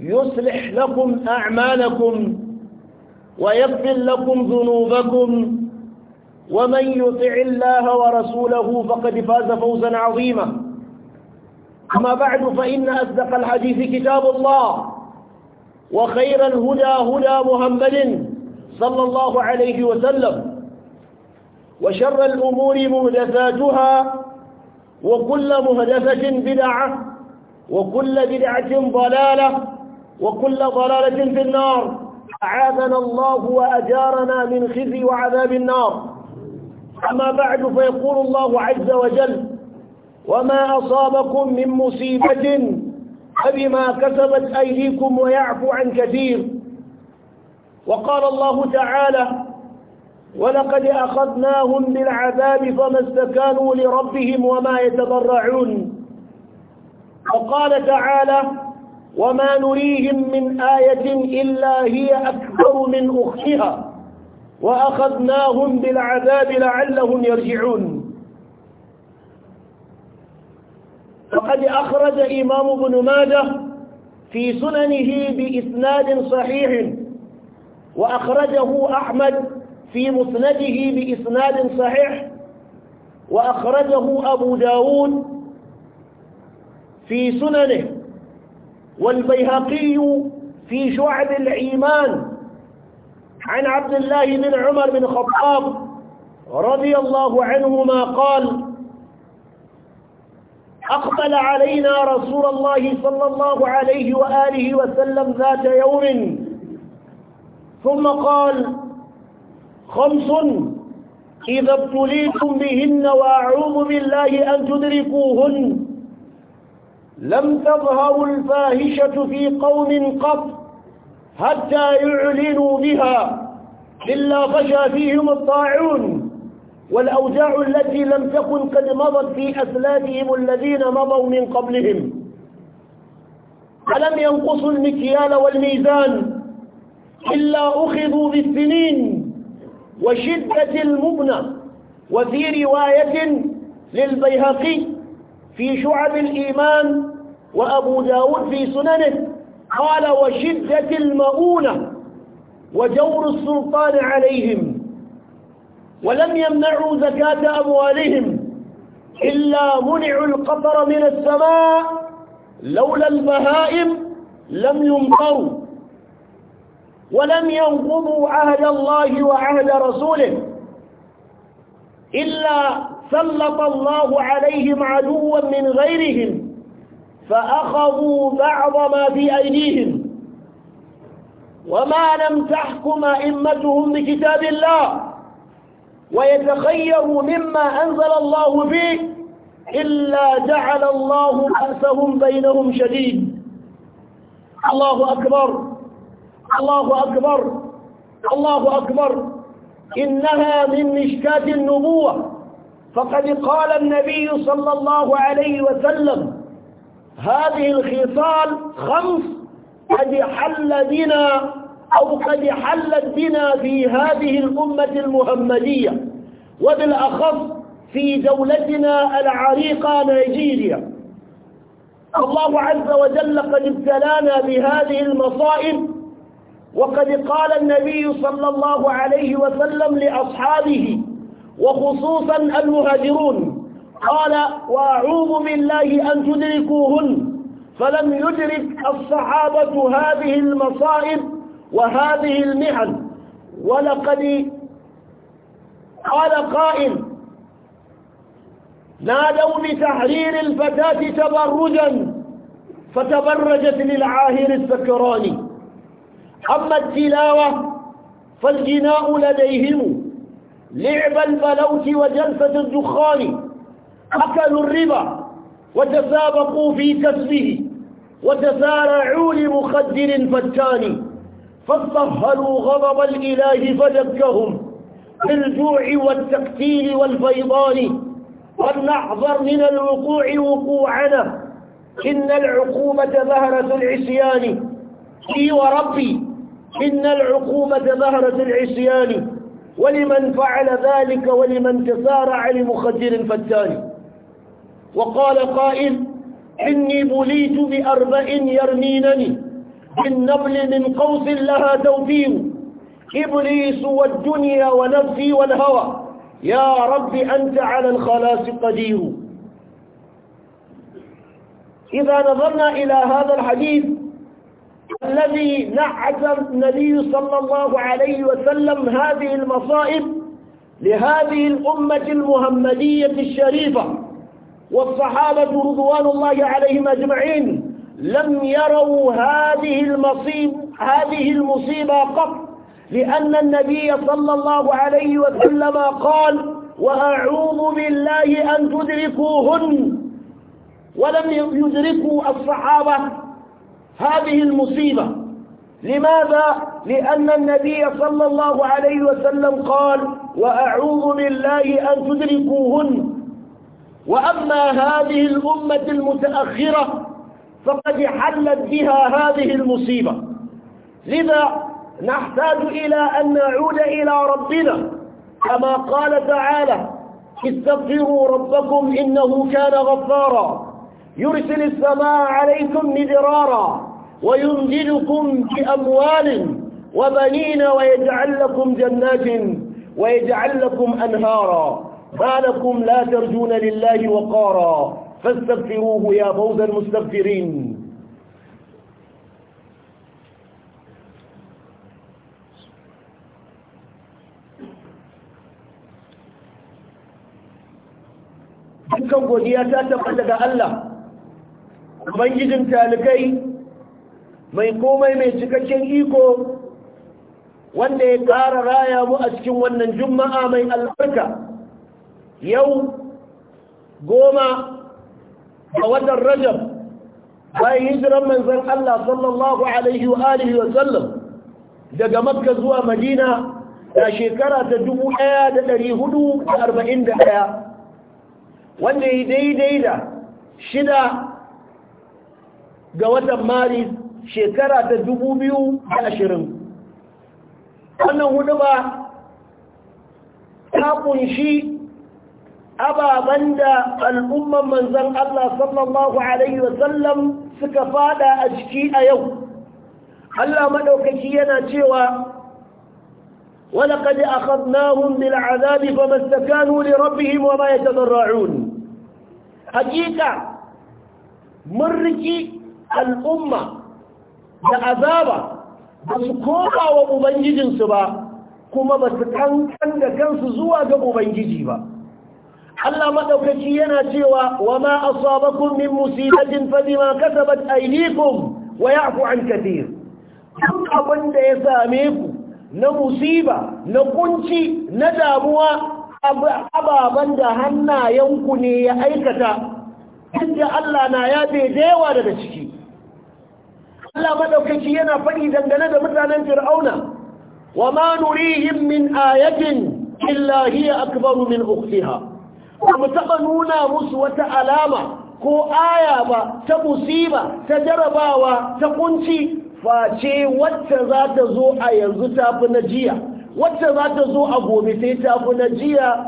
يصلح لكم أعمالكم ويغفر لكم ذنوبكم ومن يطع الله ورسوله فقد فاز فوزا عظيما أما بعد فإن أصدق الحديث كتاب الله وخير الهدى هدى محمد صلى الله عليه وسلم وشر الأمور مهدثاتها وكل مهدثة بدعة وكل بدعة ضلالة وكل ضلالة في النار أعاذنا الله وأجارنا من خزي وعذاب النار أما بعد فيقول الله عز وجل وما أصابكم من مصيبة فبما كسبت أيديكم ويعفو عن كثير وقال الله تعالى ولقد أخذناهم بالعذاب فما استكانوا لربهم وما يتضرعون وقال تعالى وما نريهم من آية إلا هي أكبر من أختها وأخذناهم بالعذاب لعلهم يرجعون فقد أخرج إمام ابن ماجه في سننه بإسناد صحيح وأخرجه أحمد في مسنده بإسناد صحيح وأخرجه أبو داود في سننه والبيهقي في شعب الإيمان عن عبد الله بن عمر بن الخطاب رضي الله عنهما قال أقبل علينا رسول الله صلى الله عليه وآله وسلم ذات يوم ثم قال خمس إذا ابتليتم بهن وأعوذ بالله أن تدركوهن لم تظهر الفاحشة في قوم قط حتى يعلنوا بها إلا خشى فيهم الطاعون والأوجاع التي لم تكن قد مضت في أسلافهم الذين مضوا من قبلهم ألم ينقصوا المكيال والميزان إلا أخذوا بالسنين وشدة المبنى وفي رواية للبيهقي في شعب الإيمان وأبو داود في سننه قال وشدة المؤونة وجور السلطان عليهم ولم يمنعوا زكاة أموالهم إلا منعوا القطر من السماء لولا البهائم لم يمطروا ولم ينقضوا عهد الله وعهد رسوله إلا سلط الله عليهم عدوا من غيرهم فأخذوا بعض ما في أيديهم وما لم تحكم أئمتهم بكتاب الله ويتخيروا مما أنزل الله فيه إلا جعل الله بأسهم بينهم شديد الله أكبر الله أكبر الله أكبر إنها من مشكاة النبوة فقد قال النبي صلى الله عليه وسلم هذه الخصال خمس قد حل بنا أو قد حلت بنا في هذه الأمة المحمدية وبالأخص في دولتنا العريقة نيجيريا الله عز وجل قد ابتلانا بهذه المصائب وقد قال النبي صلى الله عليه وسلم لأصحابه وخصوصا المهاجرون قال وأعوذ بالله أن تدركوهن فلم يدرك الصحابة هذه المصائب وهذه المحن ولقد قال قائل نادوا بتحرير الفتاة تبرجا فتبرجت للعاهر السكراني أما التلاوة فالجناء لديهم لعب البلوت وجلسة الدخان أكلوا الربا وتسابقوا في كسبه وتسارعوا لمخدر فتان فاسترهلوا غضب الإله فدكهم بالجوع والتقتيل والفيضان ولنحذر من الوقوع وقوعنا إن العقوبة ظهرة العصيان إي وربي إن العقوبة ظهرة العصيان ولمن فعل ذلك ولمن تسارع لمخدر فتان وقال قائل إني بليت بأربع يرمينني بالنبل من قوس لها توفير إبليس والدنيا ونفسي والهوى يا رب أنت على الخلاص قدير إذا نظرنا إلى هذا الحديث الذي نعت النبي صلى الله عليه وسلم هذه المصائب لهذه الأمة المحمدية الشريفة والصحابة رضوان الله عليهم أجمعين لم يروا هذه المصيب هذه المصيبة قط لأن النبي صلى الله عليه وسلم قال وأعوذ بالله أن تدركوهن ولم يدركوا الصحابة هذه المصيبة لماذا؟ لأن النبي صلى الله عليه وسلم قال وأعوذ بالله أن تدركوهن وأما هذه الأمة المتأخرة فقد حلت بها هذه المصيبة لذا نحتاج إلى أن نعود إلى ربنا كما قال تعالى استغفروا ربكم إنه كان غفارا يرسل السماء عليكم مدرارا ويمددكم بأموال وبنين ويجعل لكم جنات ويجعل لكم أنهارا ما لكم لا ترجون لله وقارا فاستغفروه يا فوز المستغفرين dukkan godiya ta tabbata ga Allah ubangijin talikai mai komai mai cikakken iko wanda ya ƙara raya mu a cikin wannan juma'a mai albarka yau goma a watan rajab bayan hijiran manzan Allah sallallahu alaihi wa alihi wa sallam daga makka zuwa madina da shekara ta 1441 wanda ya daidai da shida ga watan maris shekara ta dubu biyu da ashirin wannan hudu ba ta kunshi ababen da al'umman manzan Allah sallallahu Alaihi wasallam suka fada a jiki a yau Allah maɗaukaki yana cewa ولقد أخذناهم بالعذاب فما استكانوا لربهم وما يتضرعون حقيقة مرجي الأمة da azaba ba su koma wa ubangijinsu ba kuma ba su kankan da kansu zuwa ga ubangiji ba Allah maɗaukaci yana cewa wa ma asabakum min musibatin fa bima kasabat aydikum wa ya'fu an kathir duk abin da ya same ku na musiba na kunci na damuwa ababen da hannayenku ne ya aikata inda Allah na ya yawa daga ciki Allah madaukaki yana faɗi dangane da mutanen Fir'auna wa ma nurihim min ayatin illa hiya akbaru min ukhtiha mu taɓa nuna musu wata alama ko aya ba ta musiba ta jarabawa ta kunci face wacce za ta zo a yanzu ta fi na jiya wacce za ta zo a gobe sai ta fi na jiya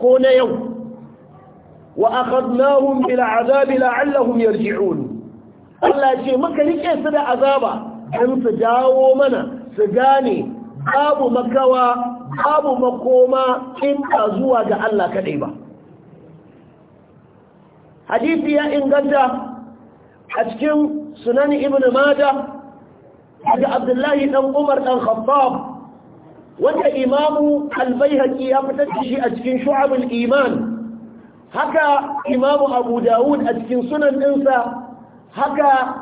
ko na yau wa akhadnahum bil azabi la'allahum yarji'un Allah ce muka rike su da azaba don su dawo mana su gane babu makawa babu makoma in zuwa ga Allah kaɗai ba Hadithi ya inganta a cikin sunan ibn mada daga abdullahi ɗan umar ɗan khattab wanda imamu al ya fitar da shi a cikin shu'abul iman haka imamu abu dawud a cikin sunan ɗinsa haka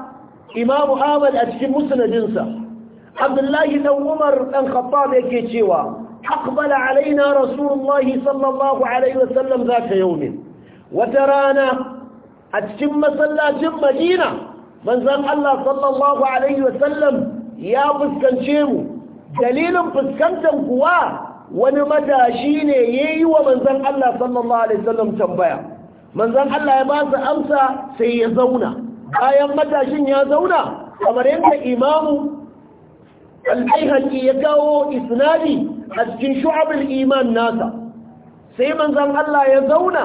imamu ahmad a cikin musnadinsa abdullahi dan umar dan khattab yake cewa aqbala alaina rasulullahi sallallahu alaihi wasallam zaka yaumin wata rana a cikin masallacin madina manzon Allah sallallahu alaihi wasallam ya fuskance mu dalilin fuskantar kuwa wani matashi ne yayi wa manzon Allah sallallahu alaihi wasallam tambaya manzon Allah ya ba su amsa sai ya zauna bayan matashin ya zauna kamar yadda imamu al-aihaki ya kawo isnadi a cikin shu'abul iman nasa sai manzon Allah ya zauna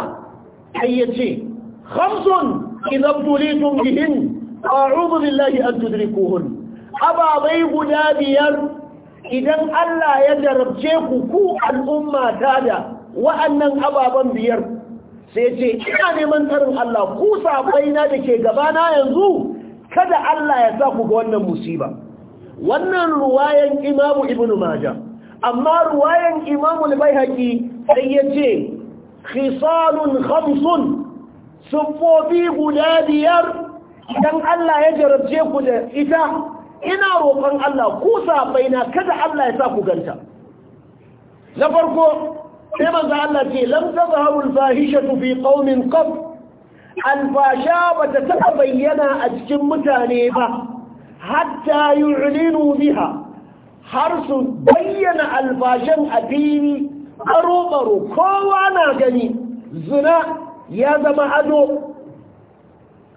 sai ya ce khamsun idan tulitum bihin a'udhu billahi an tudrikuhun ababai guda biyar idan Allah ya jarabce ku ku al'umma ta da wa'annan ababan biyar sai ce ina neman tsarin Allah ku sabaina da ke gabana yanzu kada Allah ya sa ku ga wannan musiba wannan ruwayan imamu ibn maja amma ruwayan imamu al-baihaqi sai ce khisalun khamsun sufofi guda biyar idan Allah ya jarabce ku da ita ina roƙon Allah ku sabaina kada Allah ya sa ku ganta na farko sai manzo Allah ce lam tazharu al-fahishatu fi qaumin qab al-fasha bata taɓa bayyana a cikin mutane ba hatta yu'linu biha har su bayyana alfashan a fili baro baro kowa na gani zina ya zama ado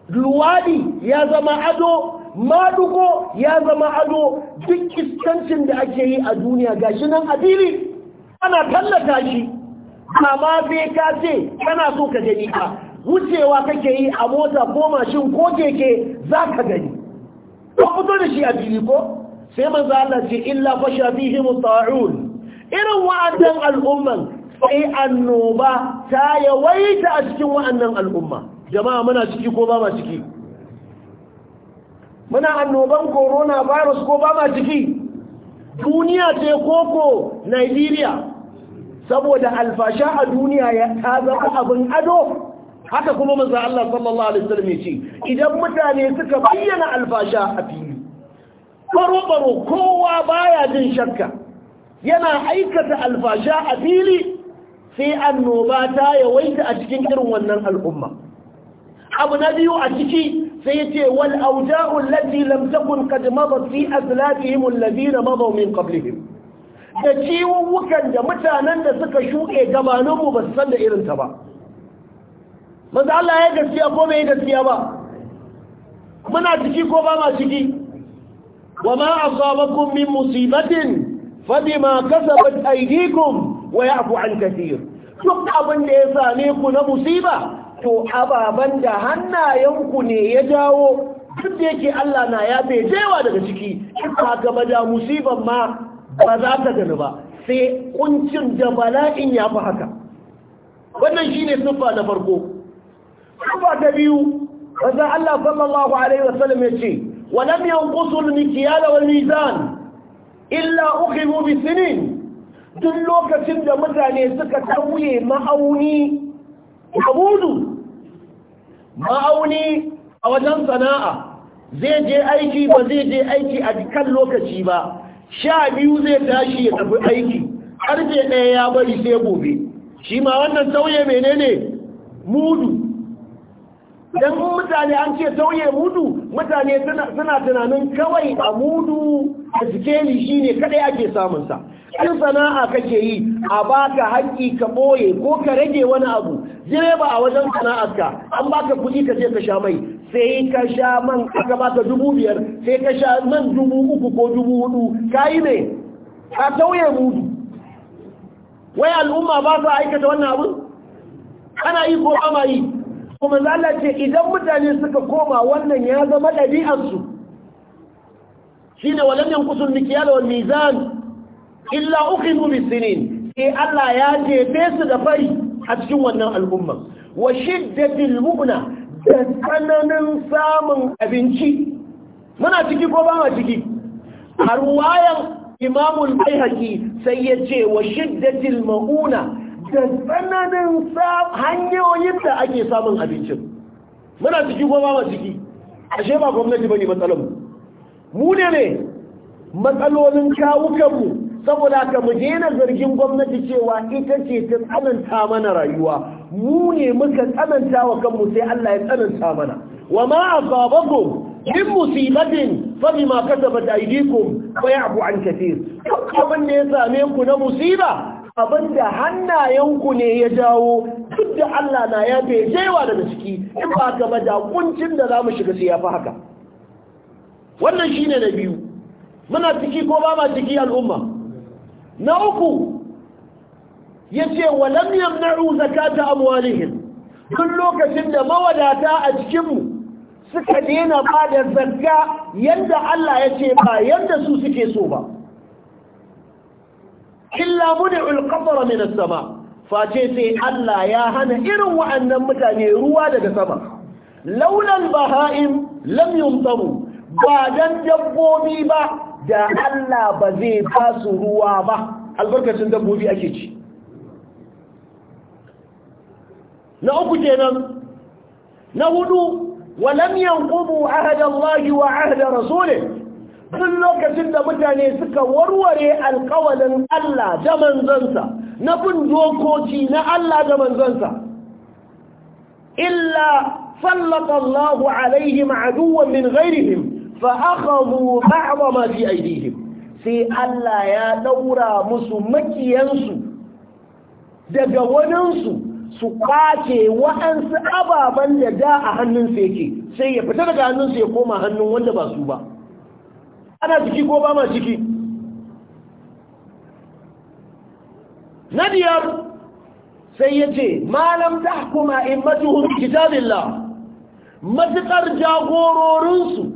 luwadi ya zama ado madugo ya zama ado duk iskancin da ake yi a duniya gashi nan a fili ana tallata shi amma sai ka ce kana so ka gani ka wucewa kake yi a mota ko mashin ko keke za ka gani ko fito da shi a fili ko sai manzo Allah ce illa fasha fihi muta'un irin wa'annan al'umma sai annoba ta yawaita a cikin wa'annan al'umma jama'a muna ciki ko ba ma ciki muna annoban corona virus ko ba ma ciki duniya ce koko nigeria saboda alfasha a duniya ya ta abin ado haka kuma maza Allah sallallahu alaihi wasallam ce idan mutane suka bayyana alfasha a fili baro-baro kowa baya jin shakka yana aikata alfasha a fili sai annoba ta yawaita a cikin irin wannan al'umma abu na biyu a ciki sai yace wal awja'u allati lam takun qad madat fi azlafihim alladhina madaw min qablihim da ciwuwukan da mutanen da suka shuke gabanin mu ba su san da irin ta ba manzo Allah ya gaskiya ko bai gaskiya ba muna ciki ko ba ma ciki wa ma asabakum min musibatin fabima kasabat aydikum wa ya'fu an duk abin da ya same ku na musiba to ababen da hannayenku ne ya jawo duk da yake Allah na ya bejewa daga ciki ka gaba da musibar ma ba za ta gani ba sai kuncin da bala'in ya fi haka wannan shi ne siffa na farko siffa ta biyu wanda Allah sallallahu alaihi wasallam ya ce wa lam yanqusul mikyal wal mizan illa ukhimu bisinin duk lokacin da mutane suka tauye ma'auni abudu ma'auni a wajen sana'a zai je aiki ba zai je aiki a kan lokaci ba sha biyu zai tashi ya tafi aiki karfe ɗaya ya bari sai gobe shi ma wannan sauye menene mudu don mutane an ce tauye mudu mutane suna tunanin kawai a mudu da shi ne kaɗai ake samunsa in sana'a kake yi a baka haƙƙi ka ɓoye ko ka rage wani abu direba a wajen sana'arka an baka kuɗi ka ce ka sha mai sai ka sha man aka baka dubu biyar sai ka sha man dubu uku ko dubu hudu ka yi ne ka tauye mudu wai al'umma ba su aikata wannan abin ana yi ko ba ma yi kuma Allah ce idan mutane suka koma wannan ya zama ɗabi'arsu shi ne walam kusur mikyal wal mizan illa uqimu bisinin sai Allah ya jefe su da fari a cikin wannan al'umma wa shiddatil mu'na da tsananin samun abinci muna ciki ko ba ma ciki a ruwayan imamul bayhaqi sai ya ce wa shiddatil mauna da tsananin hanyoyin da ake samun abincin muna ciki ko ba ciki ashe ba gwamnati ne matsalar mu ne ne matsalolin kawukanmu saboda ka mu daina zargin gwamnati cewa ita ce ta tsananta mana rayuwa mu ne muka tsananta wa kanmu sai Allah ya tsananta mana wa ma asabakum min musibatin fa bima kasabat aydikum fa ya'fu an katir kuma ne ya same ku na musiba da hannayenku ne ya jawo duk da Allah na ya bai jaiwa daga ciki in ba ka ba da kuncin da za mu shiga sai ya fi haka wannan shine na biyu muna ciki ko ba ma ciki al'umma na uku ya yace walam yamna'u zakata amwalihim duk lokacin da mawadata a cikinmu suka dena ba da zakka yadda Allah ya ce ba yadda su suke so ba illa muni qatara min sama face sai Allah ya hana irin wa'annan mutane ruwa daga sama Launan baha'im lam yumtaru ba dan dabbobi ba da Allah ba zai ba su ruwa ba albarkacin dabbobi ake ci na uku kenan na hudu walam yanqubu ahada Allah wa ahada duk lokacin da mutane suka warware alkawalin Allah da manzansa na bin dokoki na Allah da manzansa illa sallata Allahu alaihim aduwan min ghairihim fa akhadhu ba'd ma fi aydihim sai Allah ya daura musu makiyansu daga waninsu su kwace waɗansu ababen da da a hannunsu yake sai ya fita daga hannunsu ya koma hannun wanda ba su ba ana ciki ko ba ma ciki na biyar sai ya ce malam ta hukuma in matuhun kitabillah matuƙar jagororinsu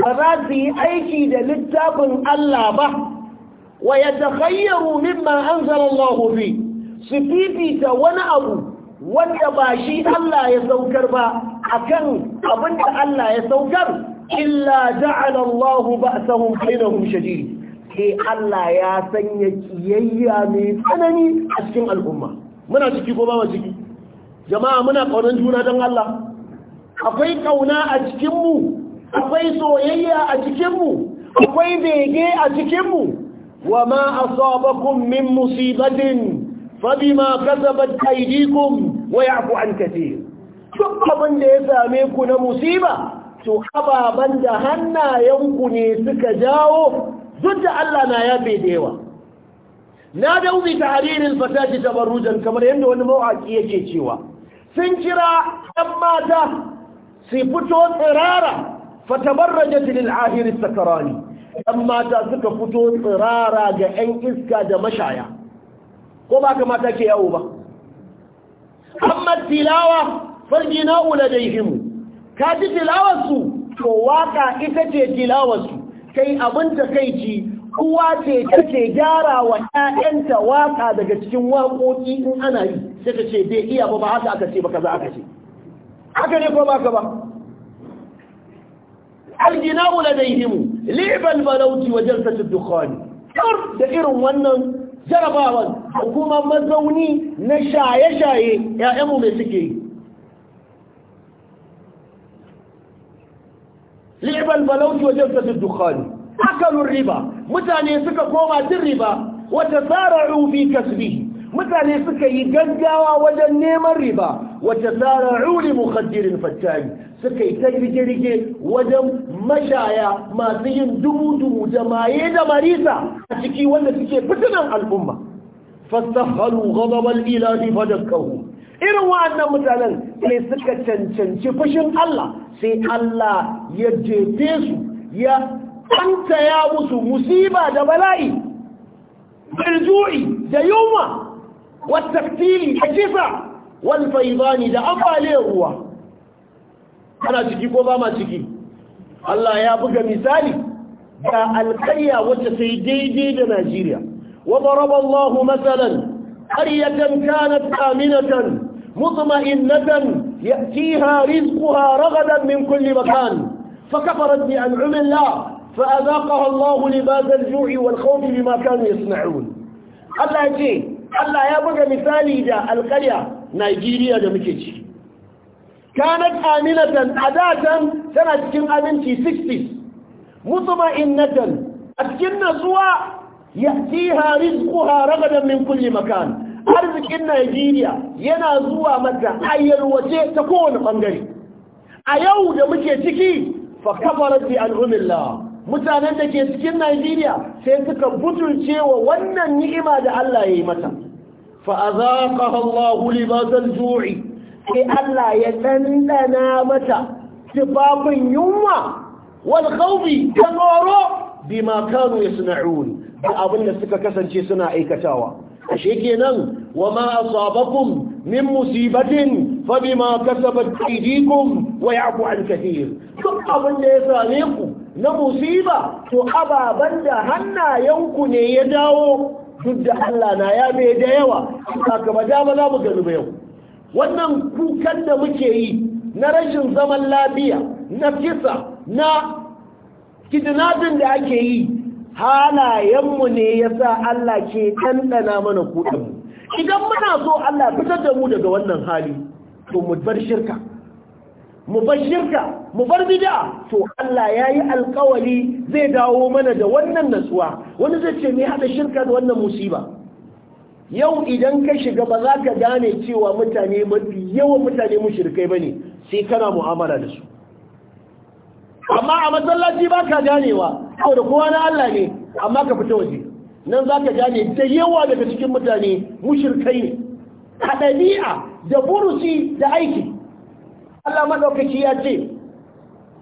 ba za su yi aiki da littafin Allah ba wa ya takhayyaru mimma anzalallahu fi su fifita wani abu wanda ba shi Allah ya saukar ba akan abin da Allah ya saukar illa ja'ala Allah ba'sahum bainahum shadid sai Allah ya sanya kiyayya mai tsanani a cikin al'umma muna ciki ko ba mu ciki jama'a muna kaunan juna don Allah akwai kauna a cikin mu akwai soyayya a cikin mu akwai bege a cikin mu wa ma asabakum min musibatin fabima kasabat aydikum wa ya'fu an katir duk abin da ya same ku na musiba to ababen da hannayenku ne suka jawo duk da Allah na yafe da yawa na daumi ta haririn fatashi tabarrujan kamar yadda wani mawaki yake cewa sun kira ɗan mata su fito tsirara fatabarrajat lil ahir sakarani ɗan mata suka fito tsirara ga 'yan iska da mashaya ko ba ka mata ke yawo ba amma tilawa farjina ula da himu ka ji tilawarsu to waka ita ce tilawarsu kai abin takaici. kai ci uwa ce take gyara wa ƴaƴanta waka daga cikin waƙoƙi in ana yi sai ka ce bai iya ba ba haka aka ce ba kaza aka ce haka ne ko ba ka ba algina'u ladaihim li'bal balauti wa jalsatu dukhani kar da irin wannan jarabawan hukumar mazauni na shaye-shaye ƴaƴanmu mai suke yi شعب البلوت وجلسة الدخان Mutane suka koma cin riba الربا tsara rufi كسبه mutane suka yi gaggawa wajen neman riba wata tsara ruli mukaddirin fattani suka yi ta rige-rige wajen mashaya masu yin dubu-dubu da maye da marisa a ciki wanda suke fitinan al'umma fastahalu ghadabal ilahi fadakkau irin wa'annan mutanen ne suka cancanci fushin Allah sai Allah ya jefe su ya ya musu musiba da bala'i birju'i da yunwa wataktili da kisa wal faidani da ambaliyar ruwa ana ciki ko ba ma ciki Allah ya buga misali da alƙarya wacce sai daidai da Najeriya wa daraba Allahu masalan qaryatan kanat aminatan مطمئنة يأتيها رزقها رغدا من كل مكان فكفرت بأنعم الله فأذاقها الله لباس الجوع والخوف بما كانوا يصنعون الله يجي الله يبقى مثالي دا القرية نيجيريا دا مكيتي كانت آمنة أداة سنة كم أمنتي 60 مطمئنة أتكن سوى يأتيها رزقها رغدا من كل مكان arzikin Najeriya yana zuwa mata a waje ta kowane ɓangare a yau da muke ciki fa kafarat al'umillah mutanen da ke cikin Najeriya sai suka butulce wa wannan ni'ima da Allah ya yi mata fa azaqaha Allah libas al-ju'i sai Allah ya dandana mata tibabin yunwa wal khawfi da tsoro bima ya suna da abin da suka kasance suna aikatawa ashe kenan wa ma asabakum min musibatin fa bima kasabat aydikum wa ya'fu an kathir duk abin da ya same ku na musiba to ababan da hannayenku ne ya dawo duk da Allah na ya mai da yawa saka ba da ba za mu gani ba yau wannan kukan da muke yi na rashin zaman lafiya na kisa na kidnapping da ake yi halayenmu ne ya sa Allah ke ɗanɗana mana kuɗinmu idan muna so Allah fitar da mu daga wannan hali to mu bar shirka mu bar shirka mu bar bid'a to Allah ya yi alƙawari zai dawo mana da wannan nasuwa wani zai ce me haɗa shirka da wannan musiba yau idan ka shiga ba za ka gane cewa mutane mafi yawan mutane ba ne sai kana mu'amala da su amma a masallaci ba ka ganewa da kowa na Allah ne amma ka fita waje nan za ka gane da yawa daga cikin mutane mushirkai ne a ɗabi'a da burusi da aiki Allah maɗaukaki ya ce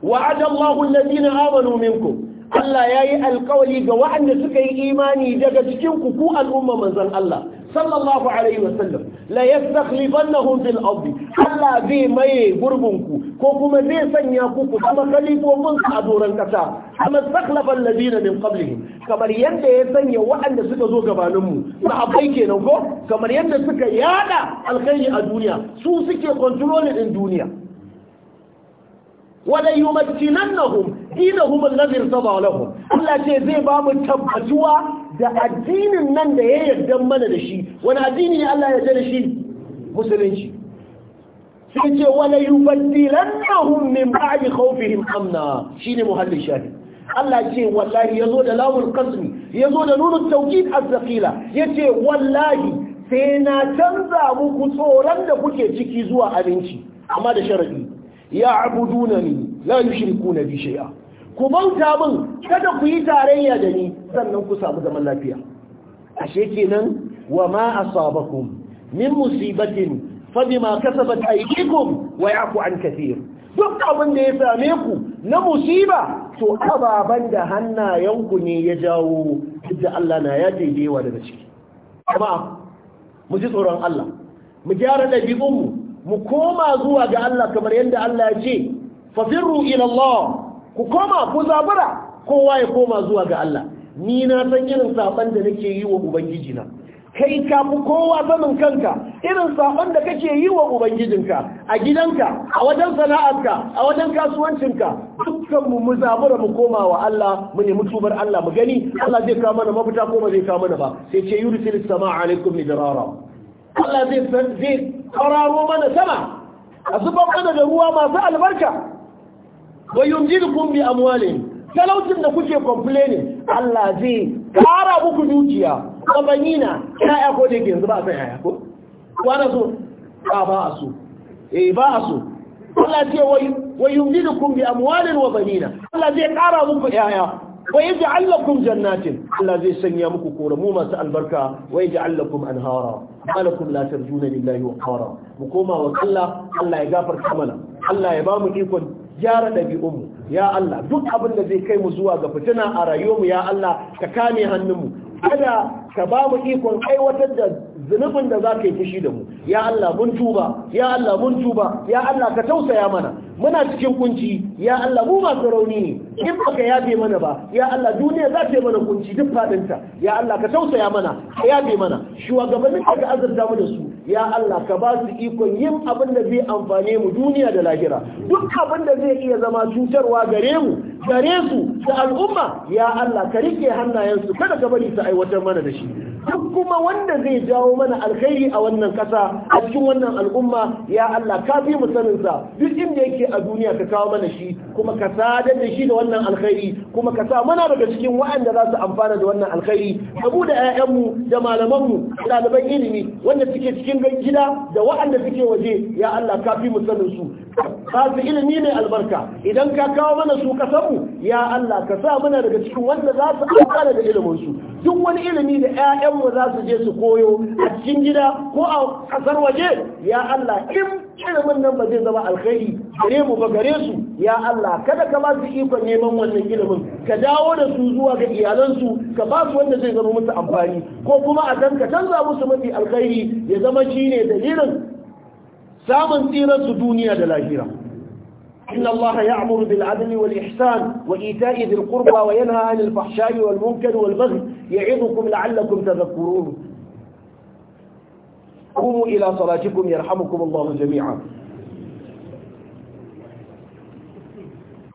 wa adallahu alladhina amanu minkum Allah ya yi alkawali ga waɗanda suka yi imani daga cikin ku ku al'umma manzon Allah sallallahu alaihi wasallam la yastakhlifannahum fil ardi Allah zai maye gurbin ku ko kuma zai sanya ku ku zama kalifofin a doron kasa kama sakhlafan ladina min kamar yadda ya sanya waɗanda suka zo gabanin mu sahabbai kenan ko kamar yadda suka yada alkhairi a duniya su suke controlling din duniya wala yumakkinannahum dinahum alladhi irtada lahum Allah ce zai ba mu tabbatuwa da addinin nan da ya yarda mana da shi wani addini ne Allah ya yarda da shi musulunci sai ce wala yubaddilannahum min ba'di khawfihim amna shine muhallin shahid Allah ce wallahi yazo da lawul qasmi yazo da nunut tawkid az-zaqila yace wallahi sai na canza muku tsoron da kuke ciki zuwa abinci amma da sharadi ya abudunani la yushrikuna bi shay'a ku bauta min kada ku yi tarayya da ni sannan ku samu zaman lafiya ashe kenan wa ma asabakum min musibatin fa bima kasabat aydikum wa yafu an kathir duk abin da ya same ku na musiba to ababan da hannayenku ne ya jawo duk da Allah na ya daidaiwa daga ciki Kuma mu ji tsoron Allah mu gyara ɗabi'unmu mu koma zuwa ga Allah kamar yadda Allah ya ce fafirru ila Allah ku koma ku zabura kowa ya koma zuwa ga Allah ni na san irin saban da nake yi wa ubangiji na kai ka fi kowa sanin kanka irin saƙon da kake yi wa ubangijinka a gidanka a wajen sana'arka a wajen kasuwancinka Dukkan mu mu da mu koma wa Allah mu nemi tubar Allah mu gani Allah zai kawo mana mafita ko ba zai kawo mana ba sai ce yurisil sama'a alaikum midrara Allah zai zai kwararo mana sama a zuba mana da ruwa masu albarka wa yunjilukum bi amwalin talautin da kuke complaining Allah zai kara muku dukiya tsabanina ya'ya ko da yake yanzu ba a san ya'ya ko ba na so ba ba a so eh ba a so Allah ce wai yumdidukum bi amwalin wa banina Allah zai kara muku ya'ya wa yaj'al lakum jannatin Allah zai sanya muku koramu masu albarka wa yaj'al lakum anhara malakum juna tarjuna lillahi wa qara mu koma wa Allah Allah ya gafarta mana Allah ya ba mu ikon gyara ɗabi'unmu ya Allah duk abin da zai kai mu zuwa ga fitina a rayuwarmu ya Allah ka kame hannunmu kada ka ba mu ikon aiwatar da zunubin da za ka yi fushi da mu ya Allah mun tuba ya Allah mun tuba ya Allah ka tausaya mana muna cikin kunci ya Allah mu masu rauni ne in baka yabe mana ba ya Allah duniya za ta yi mana kunci duk ta ya Allah ka tausaya mana ka yabe mana shugabannin da ka azurta mu da su ya Allah ka ba su ikon yin abin da zai amfane mu duniya da lahira duk abin da zai iya zama cutarwa gare mu gare su da al'umma ya Allah ka rike hannayensu kada ka bari su aiwatar mana da shi duk kuma wanda zai jawo mana alkhairi a wannan kasa a cikin wannan al'umma ya Allah ka fi mu duk inda yake a duniya ka kawo mana shi kuma ka sadar da shi da wannan alkhairi kuma ka sa muna daga cikin waɗanda za su amfana da wannan alkhairi da mu da ƴaƴanmu da malamanmu da ɗaliban ilimi wanda suke cikin gida da waɗanda suke waje ya Allah ka fi mu sanin su ka su ilimi ne albarka idan ka kawo mana su ka samu ya Allah ka sa muna daga cikin wanda za su amfana da ilimin su duk wani ilimi da ƴaƴanmu za su je su koyo a cikin gida ko a ƙasar waje ya Allah in ilimin nan ba zai zama alkhairi gare mu ba gare su ya Allah kada ka ba su ikon neman wannan ilimin ka dawo da su zuwa ga iyalansu ka ba su wanda zai zama musu amfani ko kuma a kan ka canza musu mafi alkhairi ya zama shine dalilin samun tsirar su duniya da lahira إن الله يأمر بالعدل والإحسان وإيتاء ذي القربى وينهى عن الفحشاء والمنكر والبغي يعظكم لعلكم تذكرون قوموا إلى صلاتكم يرحمكم الله جميعا